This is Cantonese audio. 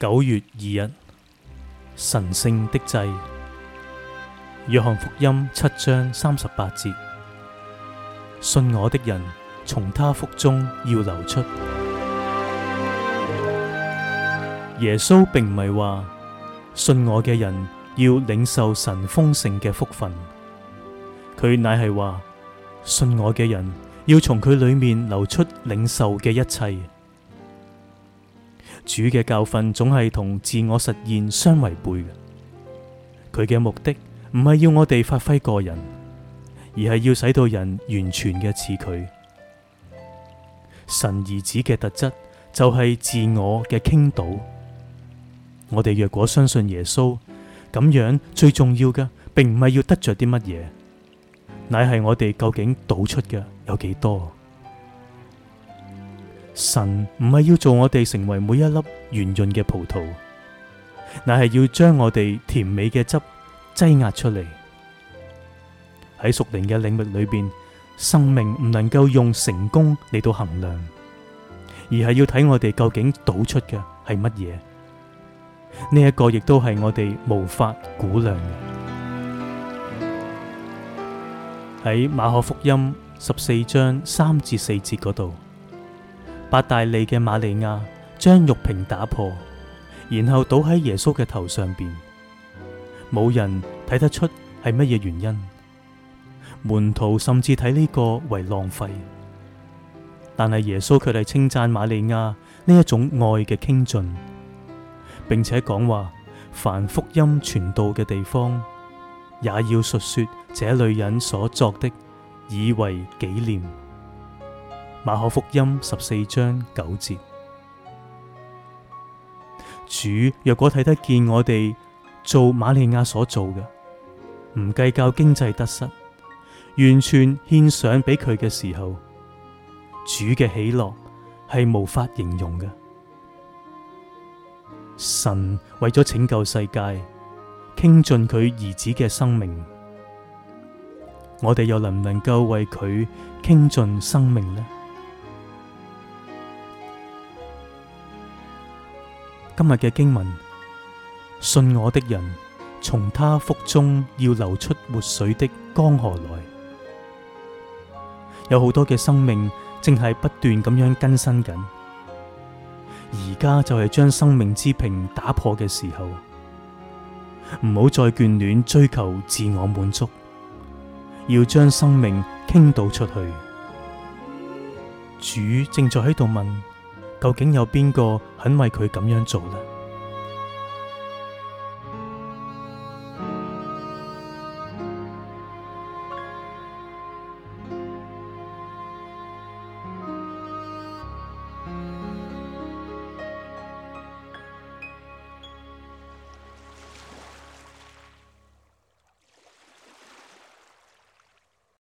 九月二日，神聖的祭，約翰福音七章三十八節：信我的人，從他腹中要流出。耶穌並唔係話信我嘅人要領受神豐盛嘅福分，佢乃係話信我嘅人要從佢裏面流出領受嘅一切。主嘅教訓總係同自我實現相違背嘅，佢嘅目的唔係要我哋發揮個人，而係要使到人完全嘅似佢。神兒子嘅特質就係自我嘅傾倒。我哋若果相信耶穌，咁樣最重要嘅，並唔係要得着啲乜嘢，乃係我哋究竟倒出嘅有幾多。神唔係要做我哋成為每一粒圓潤嘅葡萄，乃係要將我哋甜美嘅汁擠壓出嚟。喺屬靈嘅領域裏邊，生命唔能夠用成功嚟到衡量，而係要睇我哋究竟倒出嘅係乜嘢。呢一個亦都係我哋無法估量嘅。喺馬可福音十四章三至四節嗰度，伯大尼嘅瑪利亞將玉瓶打破，然後倒喺耶穌嘅頭上邊，冇人睇得出係乜嘢原因。門徒甚至睇呢個為浪費，但係耶穌佢哋稱讚瑪利亞呢一種愛嘅傾盡，並且講話：凡福音傳道嘅地方，也要述說這女人所作的，以為紀念。馬可福音十四章九節。主若果睇得見我哋做馬利亞所做嘅，唔計較經濟得失，完全獻上俾佢嘅時候，主嘅喜樂係無法形容嘅。神為咗拯救世界，傾盡佢兒子嘅生命，我哋又能唔能夠為佢傾盡生命呢？今日嘅經文，信我的人，從他腹中要流出活水的江河來。有好多嘅生命正係不斷咁樣更新緊，而家就係將生命之瓶打破嘅時候，唔好再眷戀追求自我滿足，要將生命傾倒出去。主正在喺度問。究竟有邊個肯為佢咁樣做呢？